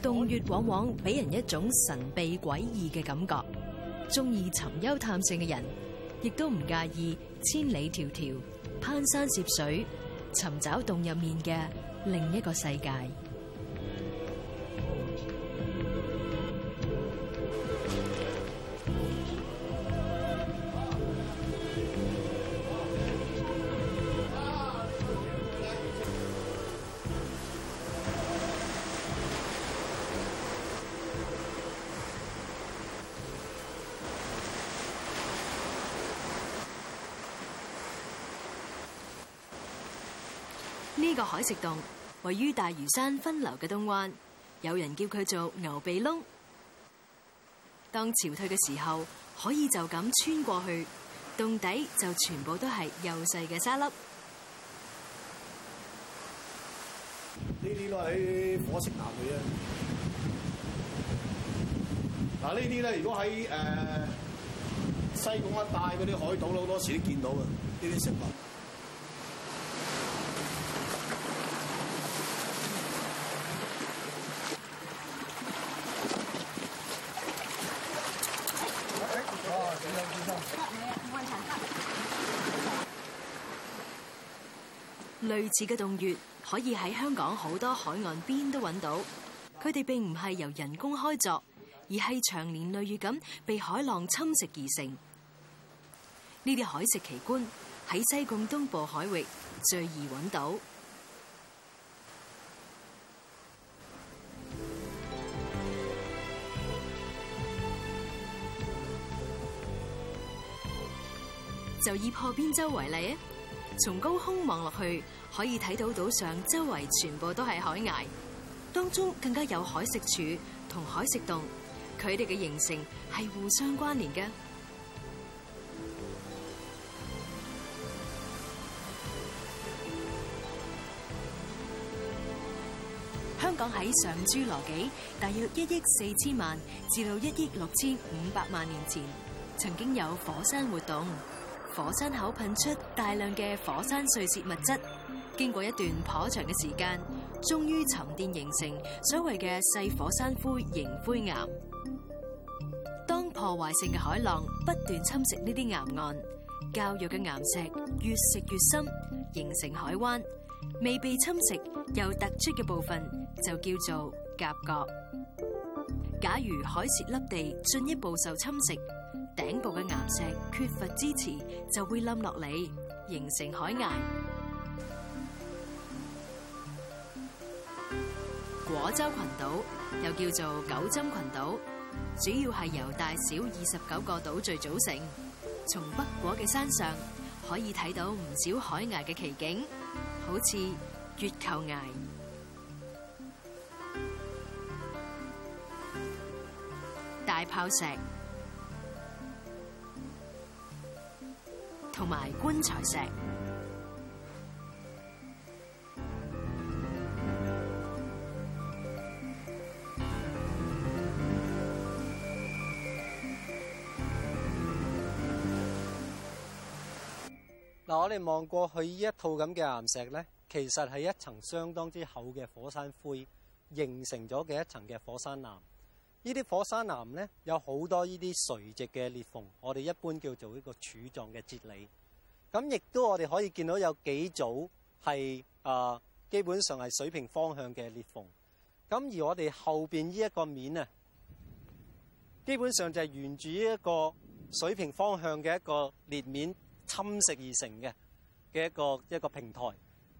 洞穴往往俾人一種神秘詭異嘅感覺，鍾意尋幽探勝嘅人，亦都唔介意千里迢迢攀山涉水，尋找洞入面嘅另一個世界。呢、這個海蝕洞位於大嶼山分流嘅東灣，有人叫佢做牛鼻窿。當潮退嘅時候，可以就咁穿過去，洞底就全部都係幼細嘅沙粒。呢啲都喺火化石殘啊！嗱，呢啲咧，如果喺誒、呃、西貢一帶嗰啲海島，好多時都見到嘅呢啲植物。次嘅洞穴可以喺香港好多海岸邊都揾到，佢哋並唔係由人工開鑿，而係長年累月咁被海浪侵蝕而成。呢啲海蝕奇觀喺西貢東部海域最易揾到，就以破邊洲為例啊！從高空望落去，可以睇到島上周圍全部都係海崖，當中更加有海蝕柱同海蝕洞，佢哋嘅形成係互相關聯嘅。香港喺上侏羅紀，大約一億四千萬至到一億六千五百萬年前，曾經有火山活動。火山口噴出大量嘅火山碎屑物質，經過一段頗長嘅時間，終於沉澱形成所謂嘅細火山灰凝灰岩。當破壞性嘅海浪不斷侵蝕呢啲岩岸，較弱嘅岩石越食越深，形成海灣。未被侵蝕又突出嘅部分就叫做岬角。假如海蝕凹地進一步受侵蝕，頂部嘅岩石缺乏支持，就會冧落嚟，形成海崖。果洲群島又叫做九針群島，主要係由大小二十九個島嶼組成。從北果嘅山上可以睇到唔少海崖嘅奇景，好似月球崖、大炮石。同埋棺材石。嗱，我哋望過去呢一套咁嘅岩石咧，其實係一層相當之厚嘅火山灰形成咗嘅一層嘅火山岩。呢啲火山岩咧，有好多呢啲垂直嘅裂縫，我哋一般叫做一個柱狀嘅節理。咁亦都我哋可以見到有幾組係啊，基本上係水平方向嘅裂縫。咁而我哋後邊呢一個面啊，基本上就係沿住呢一個水平方向嘅一個裂面侵蝕而成嘅嘅一個一個平台。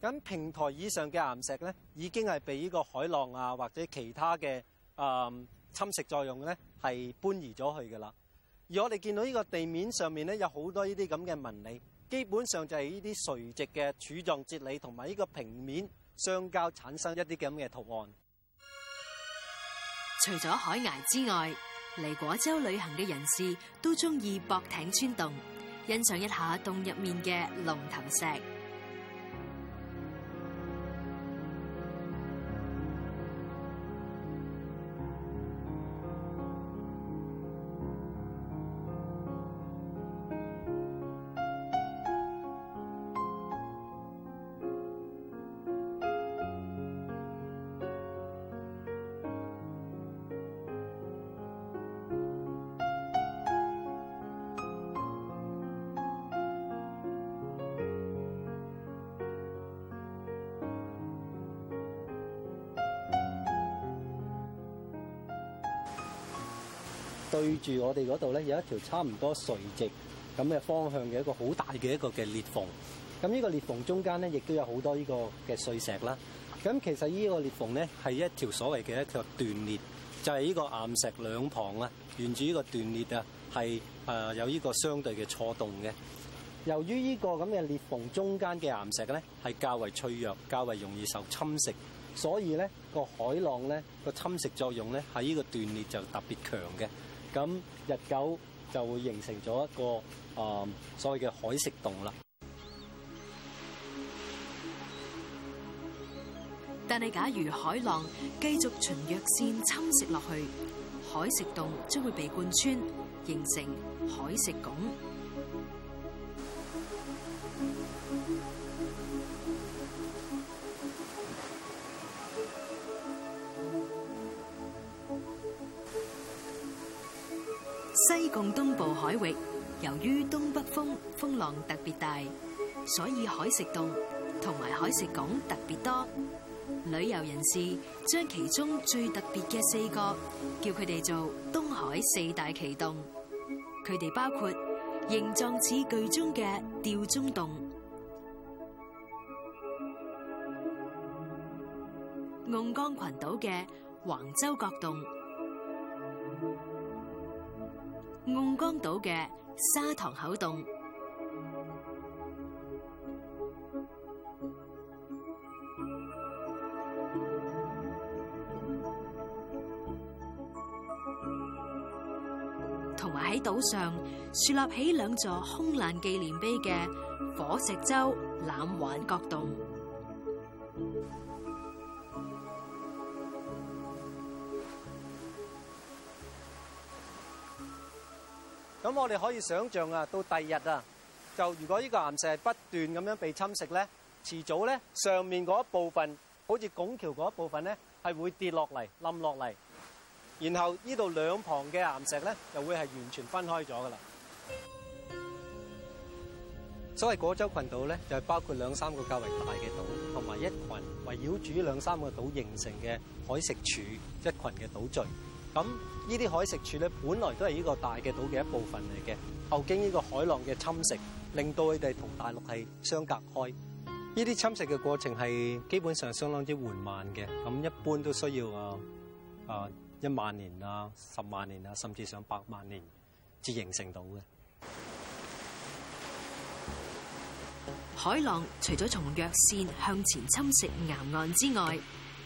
咁平台以上嘅岩石咧，已經係俾呢個海浪啊，或者其他嘅啊。侵蝕作用咧係搬移咗去噶啦，而我哋見到呢個地面上面咧，有好多呢啲咁嘅紋理，基本上就係呢啲垂直嘅柱狀節理同埋呢個平面相交產生一啲咁嘅圖案。除咗海崖之外，嚟果洲旅行嘅人士都中意駁艇穿洞，欣賞一下洞入面嘅龍頭石。對住我哋嗰度咧，有一條差唔多垂直咁嘅方向嘅一個好大嘅一個嘅裂縫。咁呢個裂縫中間咧，亦都有好多呢個嘅碎石啦。咁其實呢個裂縫咧係一條所謂嘅一條斷裂，就係呢個岩石兩旁啊，沿住呢個斷裂啊，係誒有呢個相對嘅錯動嘅。由於呢個咁嘅裂縫中間嘅岩石咧係較為脆弱，較為容易受侵蝕，所以咧個海浪咧個侵蝕作用咧喺呢個斷裂就特別強嘅。咁日久就會形成咗一個誒所謂嘅海蝕洞啦。但係假如海浪繼續循弱線侵蝕落去，海蝕洞將會被貫穿，形成海蝕拱。於東北風，風浪特別大，所以海蝕洞同埋海蝕拱特別多。旅遊人士將其中最特別嘅四個，叫佢哋做東海四大奇洞。佢哋包括形狀似巨鐘嘅吊鐘洞、甕缸群島嘅橫洲角洞。甕缸島嘅沙塘口洞，同埋喺島上樹立起兩座空難紀念碑嘅火石洲欖灣角洞。咁我哋可以想象啊，到第二日啊，就如果呢個岩石不斷咁樣被侵蝕咧，遲早咧上面嗰一部分，好似拱橋嗰一部分咧，係會跌落嚟冧落嚟，然後呢度兩旁嘅岩石咧，就會係完全分開咗噶啦。所謂果洲羣島咧，就係包括兩三個較為大嘅島，同埋一羣圍繞住兩三個島形成嘅海食柱一羣嘅島嶼。咁呢啲海蝕柱咧，本來都係呢個大嘅島嘅一部分嚟嘅。後經呢個海浪嘅侵蝕，令到佢哋同大陸係相隔開。呢啲侵蝕嘅過程係基本上相當之緩慢嘅。咁一般都需要啊啊一萬年啊、十萬年啊，甚至上百萬年至形成到嘅。海浪除咗從弱線向前侵蝕岩岸之外，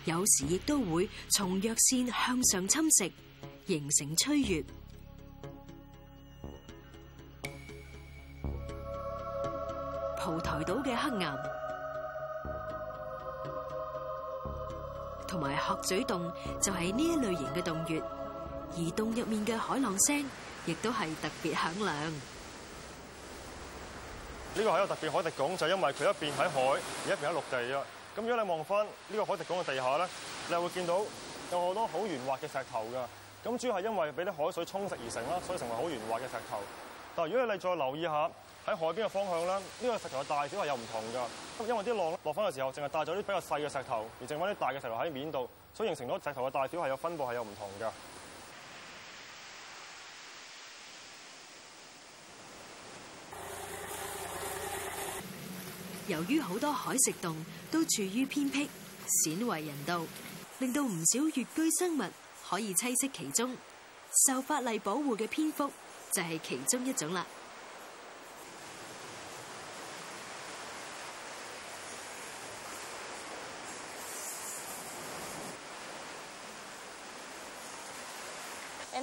有時亦都會從弱線向上侵蝕，形成吹穴。蒲台島嘅黑岩同埋鶴嘴洞就係呢一類型嘅洞穴，而洞入面嘅海浪聲亦都係特別響亮。呢個係一個特別海蝕拱，就因為佢一邊喺海，而一邊喺陸地啊。咁如果你望翻呢個海蝕洞嘅地下咧，你會見到有好多好圓滑嘅石頭㗎。咁主要係因為俾啲海水沖蝕而成啦，所以成為好圓滑嘅石頭。但係如果你再留意下喺海邊嘅方向咧，呢個石頭嘅大小係有唔同㗎。咁因為啲浪落翻嘅時候，淨係帶咗啲比較細嘅石頭，而剩翻啲大嘅石頭喺面度，所以形成咗石頭嘅大小係有分布係有唔同㗎。由於好多海蝕洞都處於偏僻、鮮為人道，令到唔少穴居生物可以棲息其中。受法例保護嘅蝙蝠就係其中一種啦。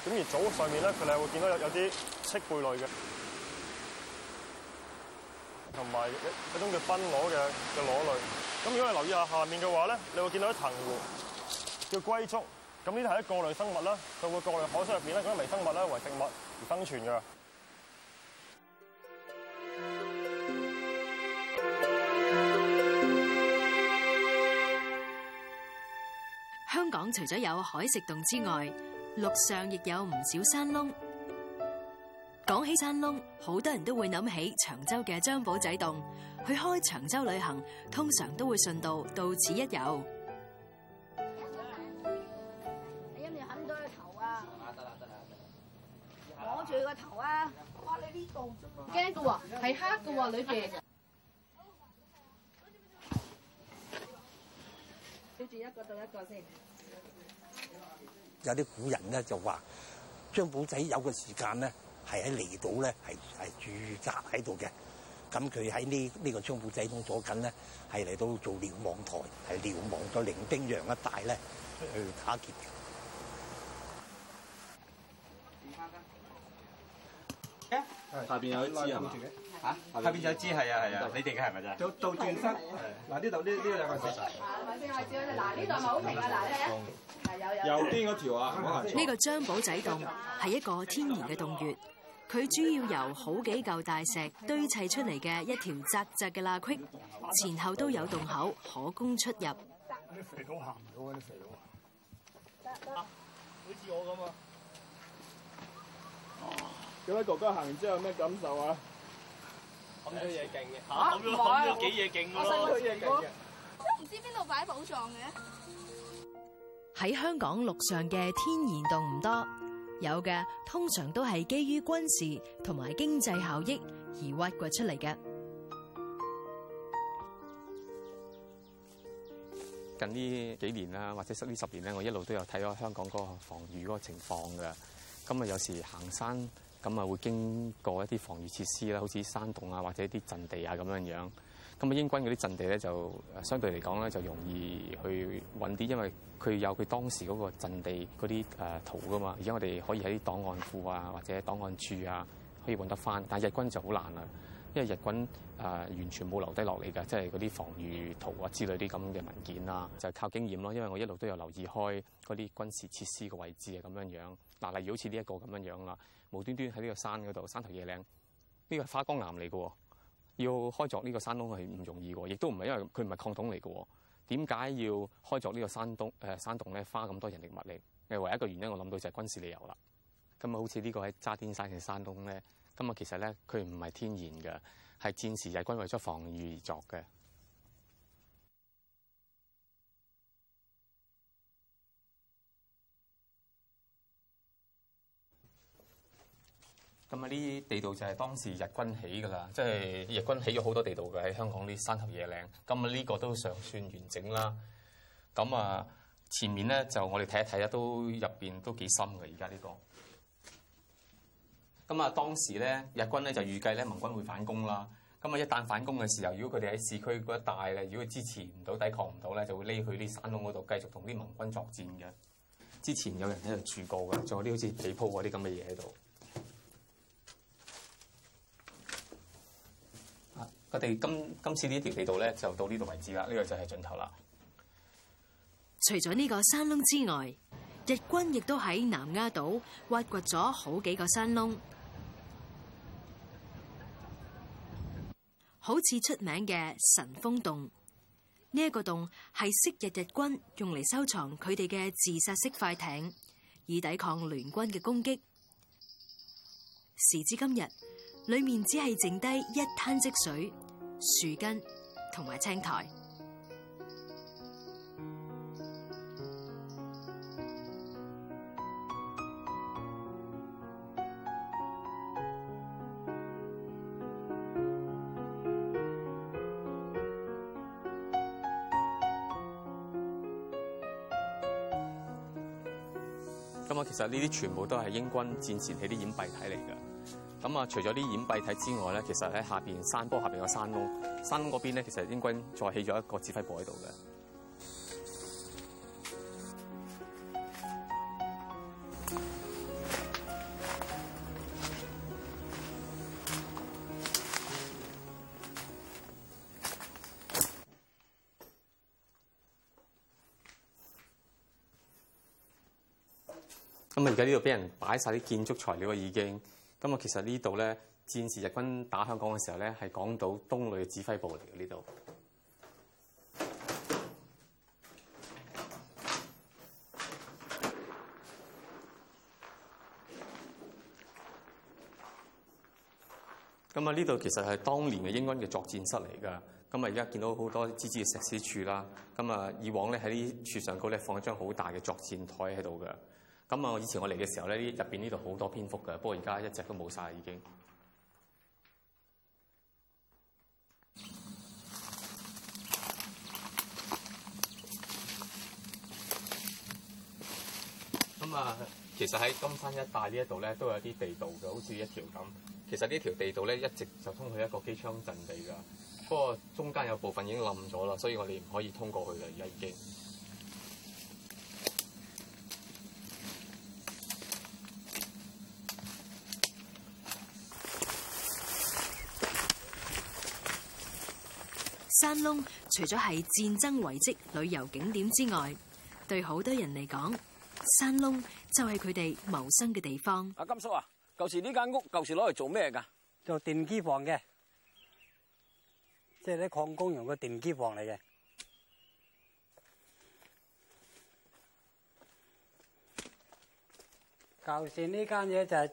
咁而早上面咧，佢哋會見到有有啲赤貝類嘅，同埋一一種叫濱螺嘅嘅螺類。咁如果你留意下下面嘅話咧，你會見到一層叫龜足。咁呢啲係一啲過濾生物啦，佢會過濾海水入面咧嗰啲微生物呢，為食物而生存㗎。香港除咗有海蝕洞之外，嗯陸上亦有唔少山窿，講起山窿，好多人都會諗起長洲嘅張保仔洞。去開長洲旅行，通常都會順道到此一遊、嗯。你一面啃咗佢頭啊！摸住佢個頭啊！哇你呢度啫嘛！驚噶喎，係黑噶喎，裡邊。住一個到一個先。有啲古人咧就話，張保仔有個時間咧，係喺離島咧，係係住宅喺度嘅。咁佢喺呢呢個張保仔中左近咧，係嚟到做瞭望台，係瞭望咗零丁洋一帶咧去打劫。下邊有吓、啊，下邊就知係啊係啊，啊你哋嘅係咪就到做轉身，嗱呢度呢呢兩個石塊。嗱呢度咪好平啊嗱呢，係有人。右邊嗰條啊，呢、啊這個張保仔洞係一個天然嘅洞穴，佢主要由好幾嚿大石堆砌出嚟嘅一條窄窄嘅罅隙，前後都有洞口可供出入。啲肥佬行唔到啊！啲肥佬，好似我咁啊。各位哥哥，行完之後有咩感受啊？咁多嘢勁嘅吓，咁樣幾嘢勁，我細個嘢勁嘅，都唔、啊啊、知邊度擺寶藏嘅。喺香港陸上嘅天然洞唔多，有嘅通常都係基於軍事同埋經濟效益而挖掘出嚟嘅。近呢幾年啦，或者呢十年咧，我一路都有睇過香港嗰個防禦嗰個情況㗎。咁啊，有時行山。咁啊，會經過一啲防禦設施啦，好似山洞啊，或者一啲陣地啊咁樣樣。咁啊，英軍嗰啲陣地咧就相對嚟講咧就容易去揾啲，因為佢有佢當時嗰個陣地嗰啲誒圖噶嘛。而家我哋可以喺檔案庫啊或者檔案處啊可以揾得返。但係日軍就好難啦，因為日軍誒、呃、完全冇留低落嚟㗎，即係嗰啲防禦圖啊之類啲咁嘅文件啦，就係靠經驗咯。因為我一路都有留意開嗰啲軍事設施嘅位置啊咁樣樣。嗱，例如好似呢一個咁樣樣啦，無端端喺呢個山嗰度山頭野嶺，呢個花崗岩嚟嘅，要開鑿呢個山窿係唔容易嘅，亦都唔係因為佢唔係礦洞嚟嘅。點解要開鑿呢個山窿誒山洞咧？花咁多人力物力，誒唯一一個原因我諗到就係軍事理由啦。咁啊，好似呢個喺渣甸山嘅山窿咧，咁啊，其實咧佢唔係天然嘅，係戰時日軍為咗防禦而作嘅。咁啊！呢啲地道就係當時日軍起㗎啦，即係日軍起咗好多地道嘅喺香港啲山頭野嶺。咁啊，呢個都尚算完整啦。咁啊，前面咧就我哋睇一睇咧，都入邊都幾深嘅。而家呢個。咁啊，當時咧，日軍咧就預計咧，盟軍會反攻啦。咁啊，一旦反攻嘅時候，如果佢哋喺市區嗰一帶咧，如果支持唔到、抵抗唔到咧，就會匿去啲山窿嗰度繼續同啲盟軍作戰嘅。之前有人喺度住過嘅，仲有啲好似幾鋪嗰啲咁嘅嘢喺度。我哋今今次呢一條地道咧，就到呢度為止啦。呢個就係盡頭啦。除咗呢個山窿之外，日軍亦都喺南丫島挖掘咗好幾個山窿，好似出名嘅神風洞。呢一個洞係昔日日軍用嚟收藏佢哋嘅自殺式快艇，以抵抗聯軍嘅攻擊。時至今日，裏面只係剩低一灘積水、樹根同埋青苔。咁啊，其實呢啲全部都係英軍戰前起啲掩蔽體嚟㗎。咁啊，除咗啲掩蔽體之外咧，其實喺下邊山坡下邊有山窿，山窿嗰邊咧，其實英軍再起咗一個指揮部喺度嘅。咁啊，而家呢度俾人擺晒啲建築材料啊，已經。咁啊，其實呢度咧，戰時日軍打香港嘅時候咧，係港島東旅嘅指揮部嚟嘅呢度。咁啊，呢度其實係當年嘅英軍嘅作戰室嚟㗎。咁啊，而家見到好多支支嘅石屎柱啦。咁啊，以往咧喺呢柱上高咧放一張好大嘅作戰台喺度㗎。咁啊！以前我嚟嘅時候咧，呢入邊呢度好多蝙蝠㗎，不過而家一隻都冇晒，已經。咁啊，其實喺金山一帶呢一度咧，都有啲地道嘅，好似一條咁。其實呢條地道咧，一直就通去一個機槍陣地㗎。不過中間有部分已經冧咗啦，所以我哋唔可以通過去啦，而家已經。山窿除咗係戰爭遺跡、旅遊景點之外，對好多人嚟講，山窿就係佢哋謀生嘅地方。阿金叔啊，舊時呢間屋舊時攞嚟做咩噶？做電機房嘅，即係啲礦工用嘅電機房嚟嘅。舊時呢間嘢就係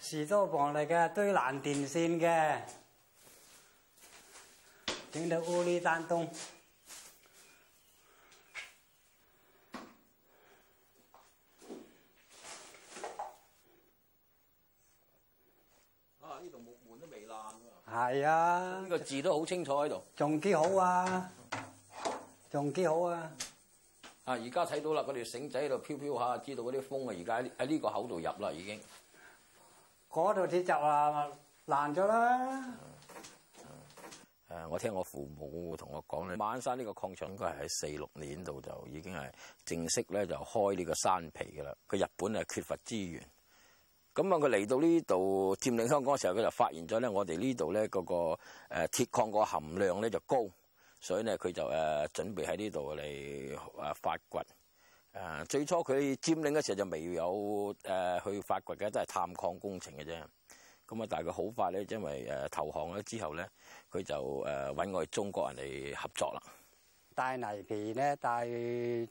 士多房嚟嘅，堆爛電線嘅。聽到屋裏震動，啊！呢度門都未爛㗎。係啊，呢個字都好清楚喺度，仲幾好啊，仲幾好啊。啊！而家睇到啦，嗰條繩仔喺度飄飄下，知道嗰啲風啊，而家喺喺呢個口度入啦，已經。嗰度鐵閘啊，爛咗啦。誒，我聽我父母同我講咧，馬鞍山呢個礦場應該係喺四六年度就已經係正式咧就開呢個山皮㗎喇。佢日本係缺乏資源，咁啊佢嚟到呢度佔領香港嘅時候，佢就發現咗咧，我哋呢度咧嗰個誒鐵礦個含量咧就高，所以咧佢就誒準備喺呢度嚟誒發掘。誒最初佢佔領嘅時候就未有誒去發掘嘅，都係探礦工程嘅啫。咁啊！但係佢好快咧，因為誒投降咗之後咧，佢就誒揾我哋中國人嚟合作啦。帶泥皮咧，帶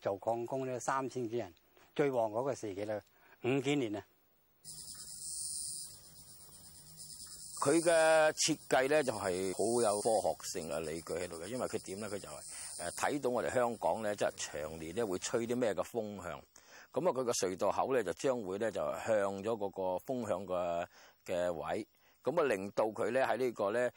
做礦工咧，三千幾人最旺嗰個時期咧，五幾年啊！佢嘅設計咧就係好有科學性嘅理據喺度嘅，因為佢點咧？佢就係誒睇到我哋香港咧，即係長年咧會吹啲咩嘅風向，咁啊佢個隧道口咧就將會咧就向咗嗰個風向嘅。嘅位，咁啊令到佢咧喺呢個咧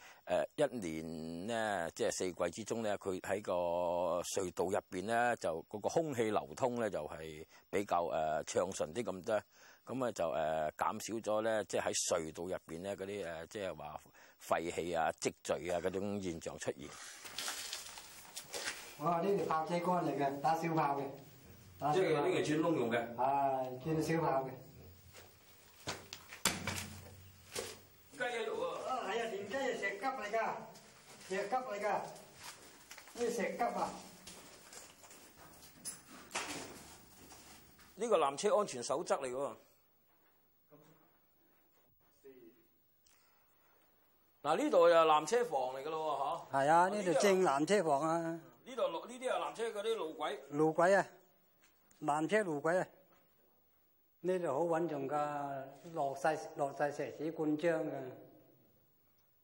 誒一年咧，即係四季之中咧，佢喺個隧道入邊咧，就嗰個空氣流通咧就係比較誒、呃、暢順啲咁多，咁啊就誒減少咗咧，即係喺隧道入邊咧嗰啲即係話廢氣啊積聚啊嗰種現象出現。我話呢條炮製幹嚟嘅打燒炮嘅，即係呢個鑽窿用嘅，啊、燒炮嘅。嚟個石級嚟噶，呢石，石級啊？呢個纜車安全守則嚟噶。嗱，呢度又纜車房嚟噶咯，嗬？係啊，呢、啊、度正纜車房啊。呢度落呢啲啊，纜車嗰啲路軌。路軌啊，纜車路軌啊，呢度好穩重噶，落晒落晒石屎灌漿噶。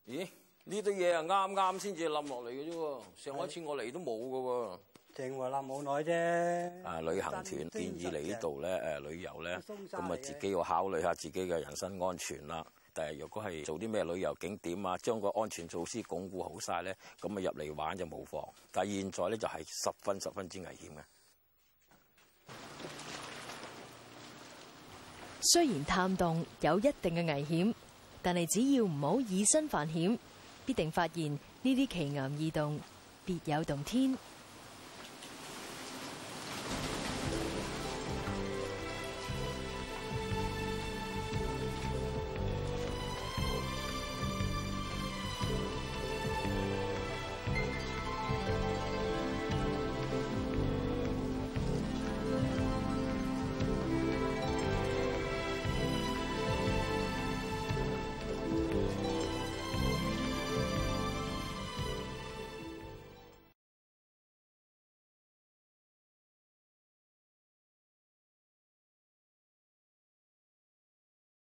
咦、嗯？呢堆嘢啊，啱啱先至冧落嚟嘅啫，上一次我嚟都冇㗎喎。正話喎，冇耐啫。啊、呃，旅行團建議嚟呢度咧，誒、呃，旅遊咧，咁啊，自己要考慮下自己嘅人身安全啦。但係若果係做啲咩旅遊景點啊，將個安全措施鞏固好晒咧，咁啊入嚟玩就冇妨。但係現在咧就係十分十分之危險嘅。雖然探洞有一定嘅危險，但係只要唔好以身犯險，必定發現呢啲奇岩異洞，別有洞天。